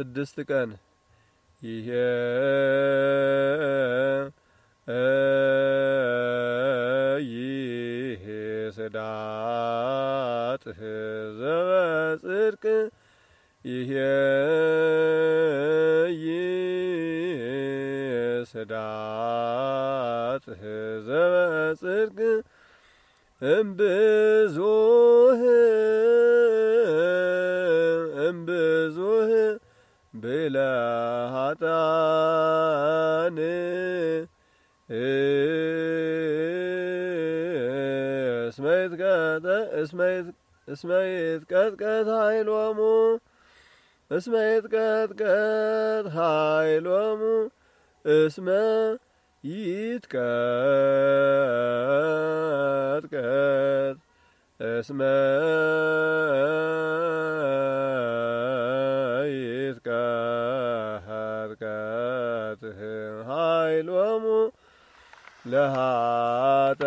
ስድስት ቀን ይሄ ይሄ ዘበጽድቅ ይሄ ዘበጽድቅ እምብዙህ እምብዙህ ብለ ኃጣን እስመ ይትቀጥቀጥ ኃይሎሙ እስመ ይትቀጥቀጥ ኃይሎሙ እስመ ይትቀጥቀጥ እስመ لها